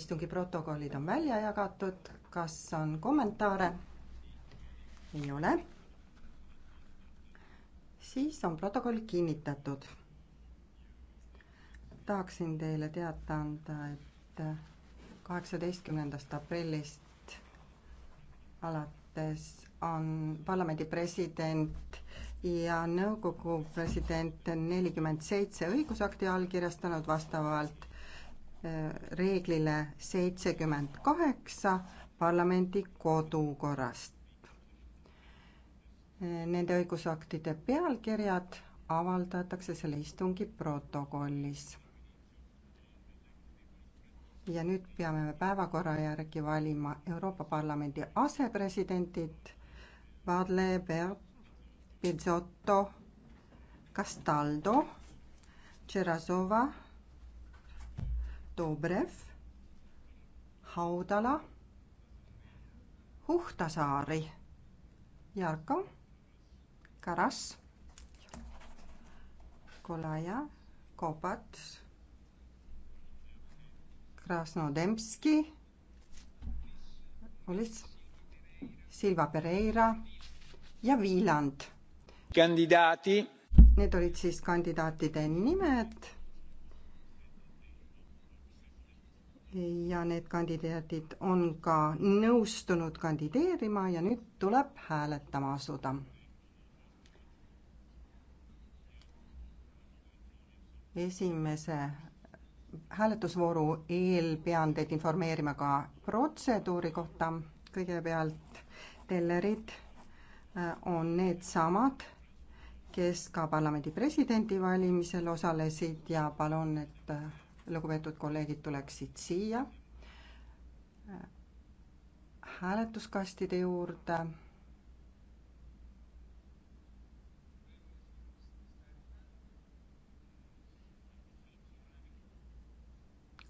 istungi protokollid on välja jagatud, kas on kommentaare? ei ole. siis on protokoll kinnitatud. tahaksin teile teada anda, et kaheksateistkümnendast aprillist alates on parlamendi president ja nõukogu president nelikümmend seitse õigusakti allkirjastanud vastavalt reeglile seitsekümmend kaheksa parlamendi kodukorrast. Nende õigusaktide pealkirjad avaldatakse selle istungi protokollis. ja nüüd peame me päevakorra järgi valima Euroopa Parlamendi asepresidendid Vadle, Bert, Pizzotto, Castaldo, Cerasova Dobrev, Haudala, Huhtasaari, Jarko, Karas, Kolaja, Kopats, Krasnodemski, Ulis, Silva Pereira ja Viiland. kandidaati. Need olid siis kandidaatide nimed ja need kandidaadid on ka nõustunud kandideerima ja nüüd tuleb hääletama asuda. esimese hääletusvooru eel pean teid informeerima ka protseduuri kohta. kõigepealt tellerid äh, on needsamad, kes ka parlamendi presidendi valimisel osalesid ja palun, et äh, lugupeetud kolleegid tuleksid siia äh, hääletuskastide juurde.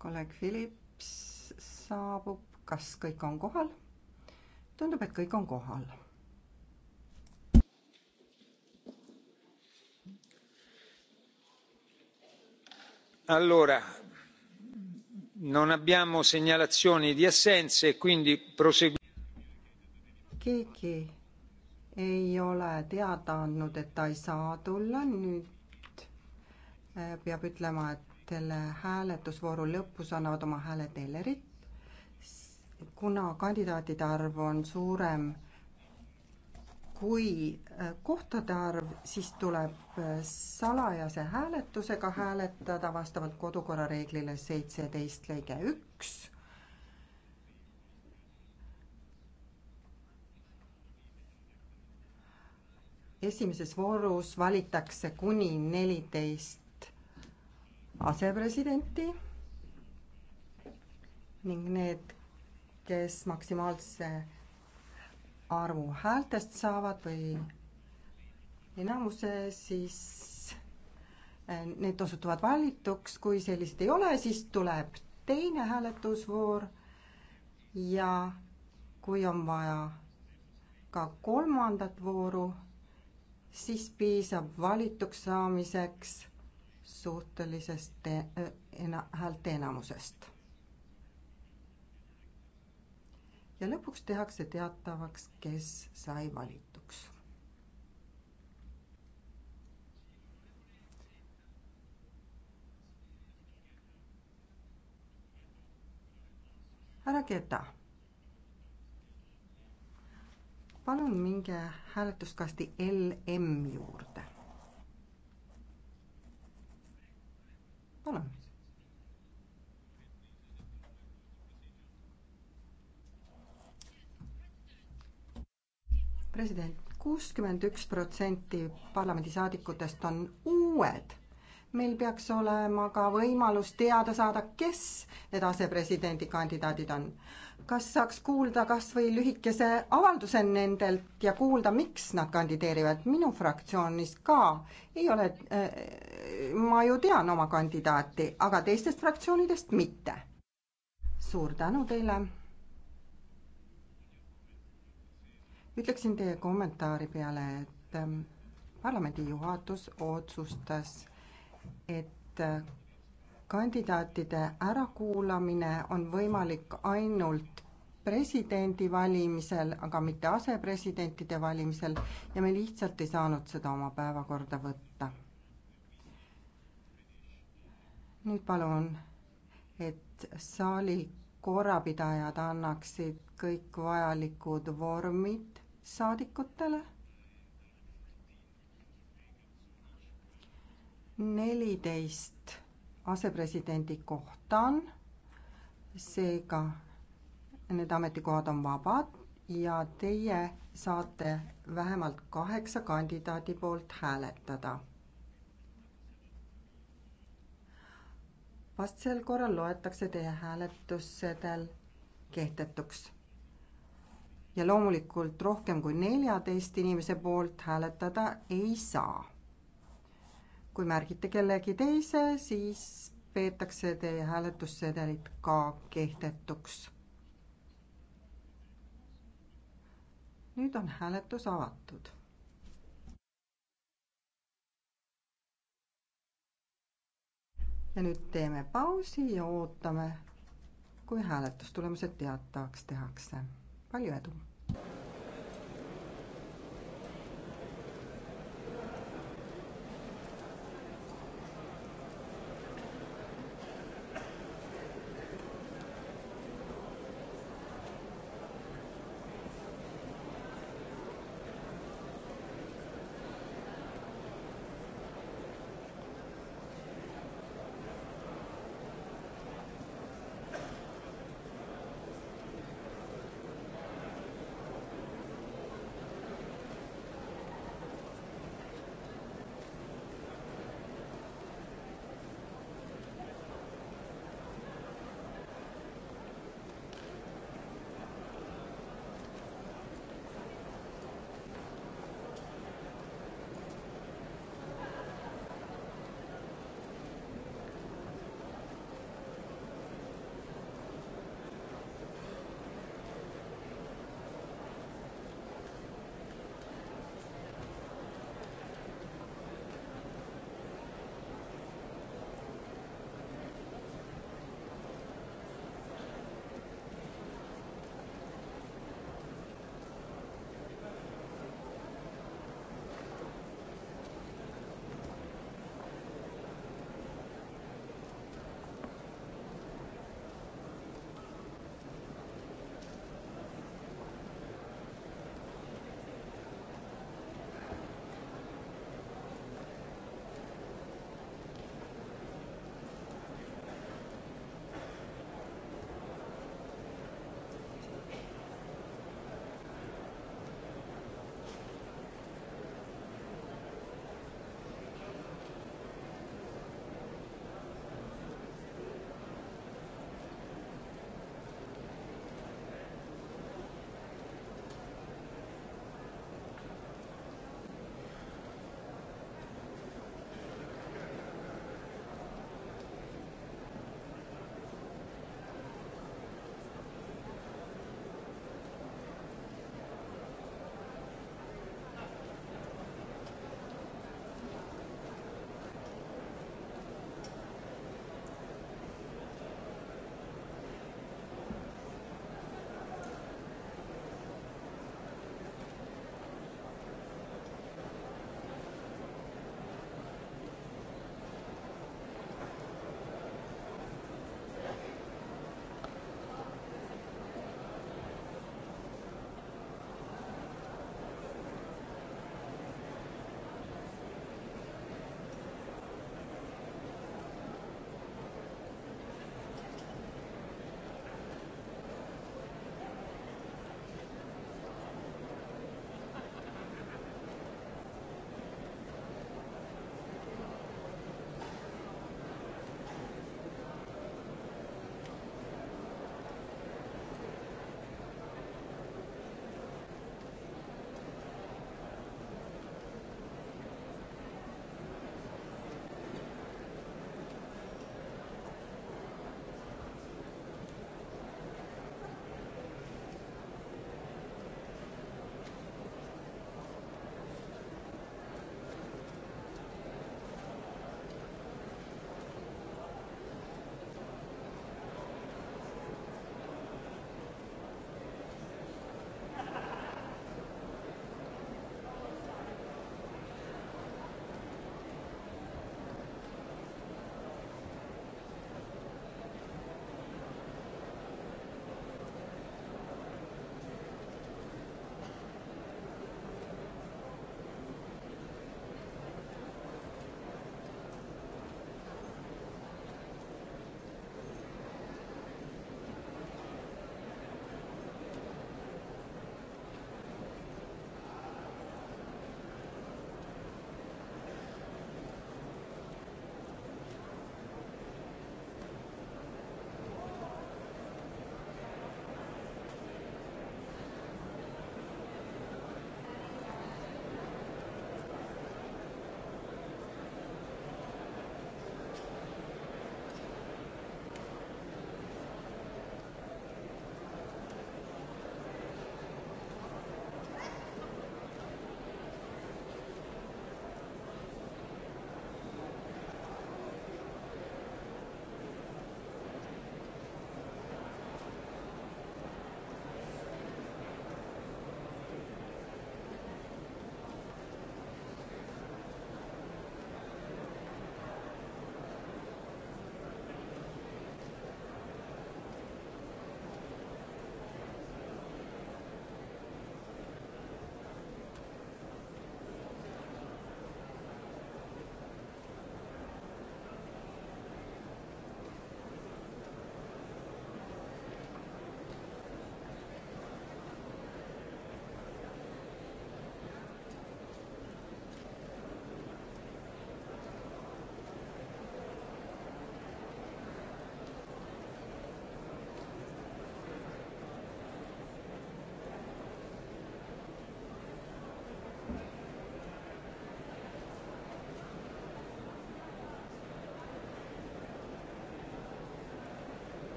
kolleeg Philips saabub, kas kõik on kohal? tundub, et kõik on kohal allora Non abbiamo segnalazioni di assenze, quindi prosegu-. keegi ei ole teada andnud, et ta ei saa tulla, nüüd äh, peab ütlema, et selle hääletusvooru lõpus annavad oma hääle tellerid. kuna kandidaatide arv on suurem kui äh, kohtade arv, siis tuleb äh, salajase hääletusega hääletada vastavalt kodukorra reeglile seitseteist lõige üks. esimeses voorus valitakse kuni neliteist asepresidenti ning need, kes maksimaalse arvu häältest saavad või enamuse, siis eh, need osutuvad valituks, kui sellist ei ole, siis tuleb teine hääletusvoor ja kui on vaja ka kolmandat vooru, siis piisab valituks saamiseks suhtelisest eh, ena-, häälte enamusest ja lõpuks tehakse teatavaks, kes sai valituks. härra Keda, palun minge hääletuskasti LM juurde. palun president, kuuskümmend üks protsenti parlamendisaadikutest on uued. meil peaks olema ka võimalus teada saada, kes need asepresidendikandidaadid on. kas saaks kuulda kas või lühikese avalduse nendelt ja kuulda, miks nad kandideerivad, minu fraktsioonis ka ei ole äh,, ma ju tean oma kandidaati, aga teistest fraktsioonidest mitte. suur tänu teile ütleksin teie kommentaari peale, et ähm, parlamendi juhatus otsustas, et äh, kandidaatide ärakuulamine on võimalik ainult presidendi valimisel, aga mitte asepresidentide valimisel ja me lihtsalt ei saanud seda oma päevakorda võtta. nüüd palun, et saali korrapidajad annaksid kõik vajalikud vormid saadikutele. neliteist asepresidendi kohta on, seega need ametikohad on vabad ja teie saate vähemalt kaheksa kandidaadi poolt hääletada vastasel korral loetakse teie hääletussedel kehtetuks ja loomulikult rohkem kui neljateist inimese poolt hääletada ei saa. kui märgite kellegi teise, siis peetakse teie hääletussedelit ka kehtetuks. nüüd on hääletus avatud ja nüüd teeme pausi ja ootame, kui hääletustulemused teatavaks tehakse palju edu!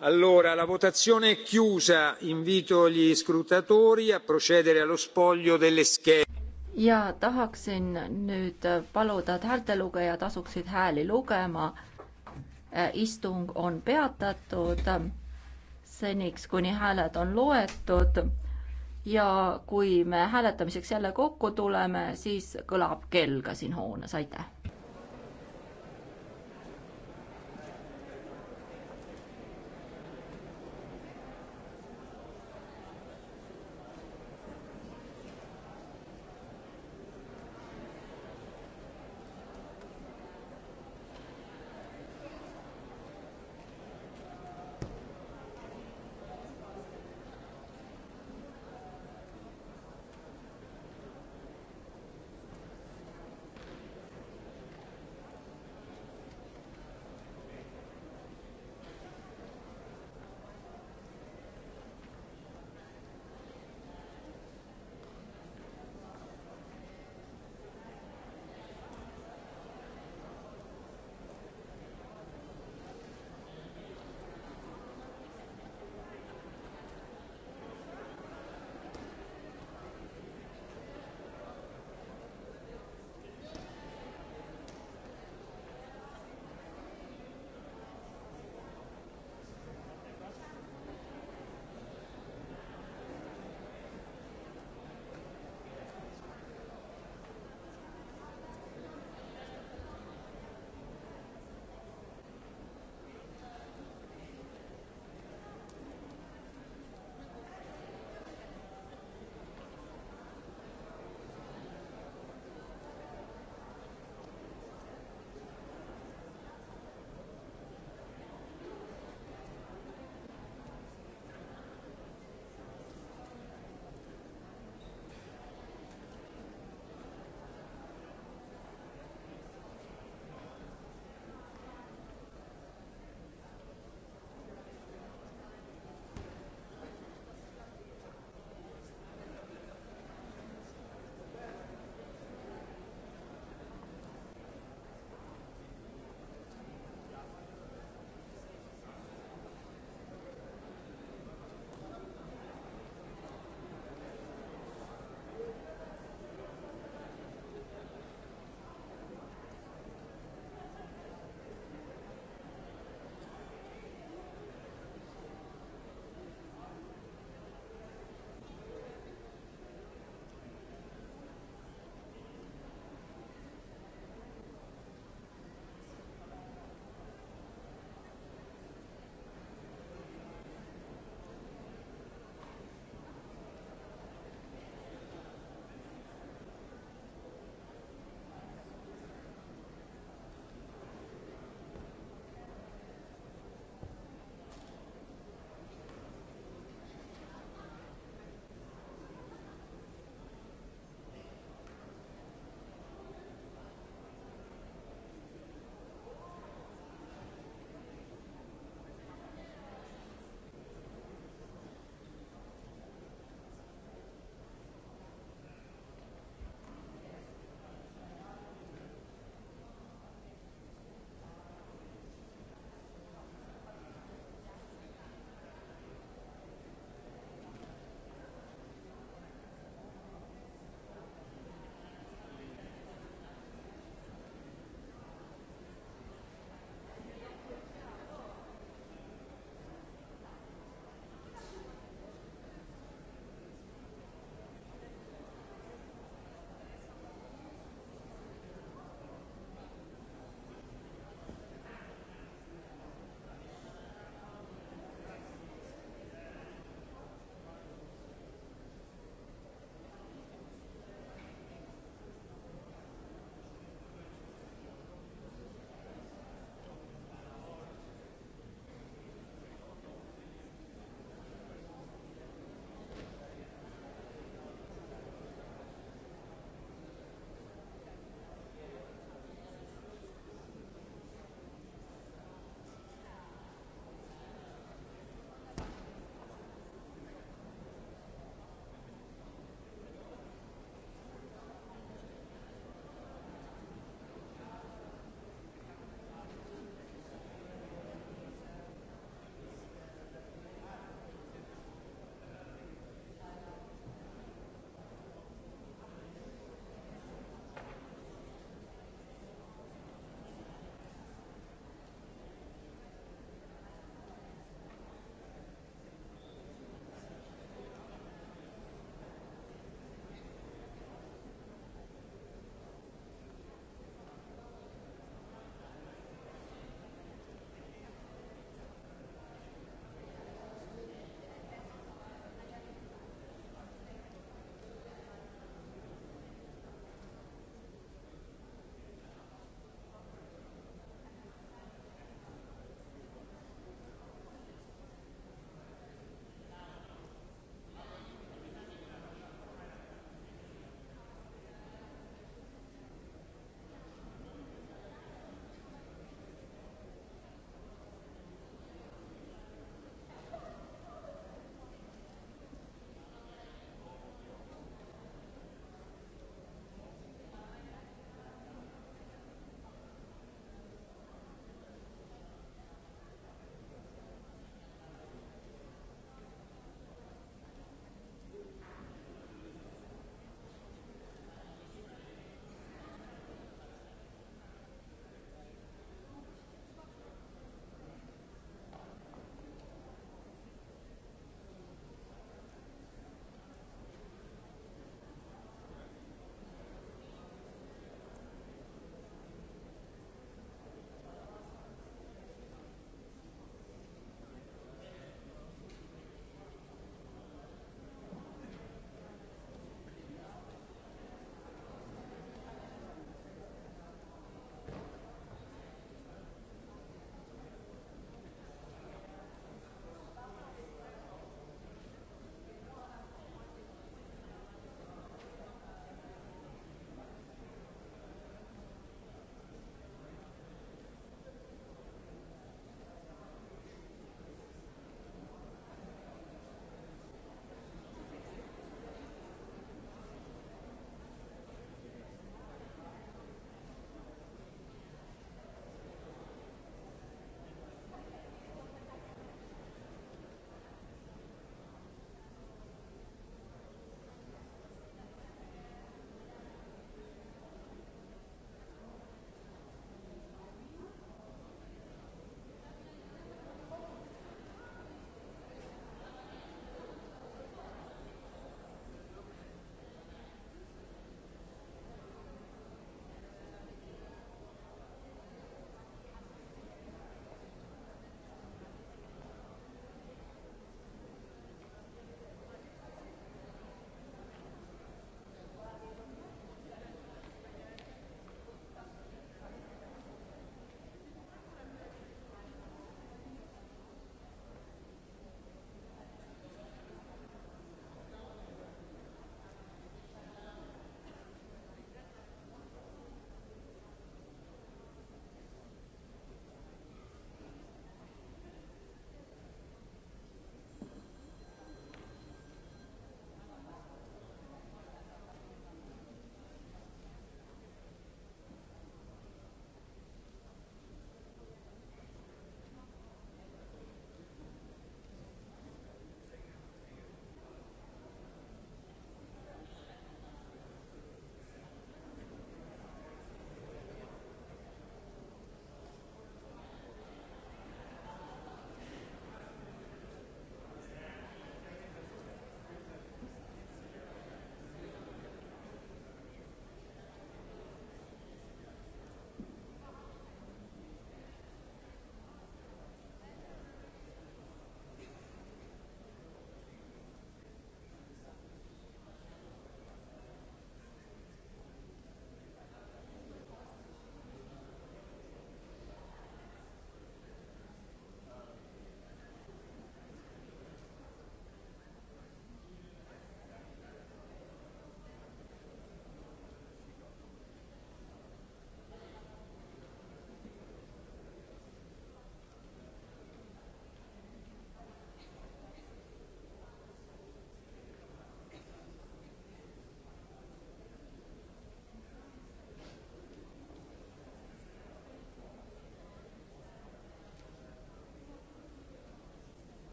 allora la votazione è chiusa invito gli scrutatori a procedere allo spoglio delle schede ja tahaksin nüüd paluda, et häältelugejad asuksid hääli lugema. Äh, istung on peatatud seniks, kuni hääled on loetud. ja kui me hääletamiseks jälle kokku tuleme, siis kõlab kell ka siin hoones, aitäh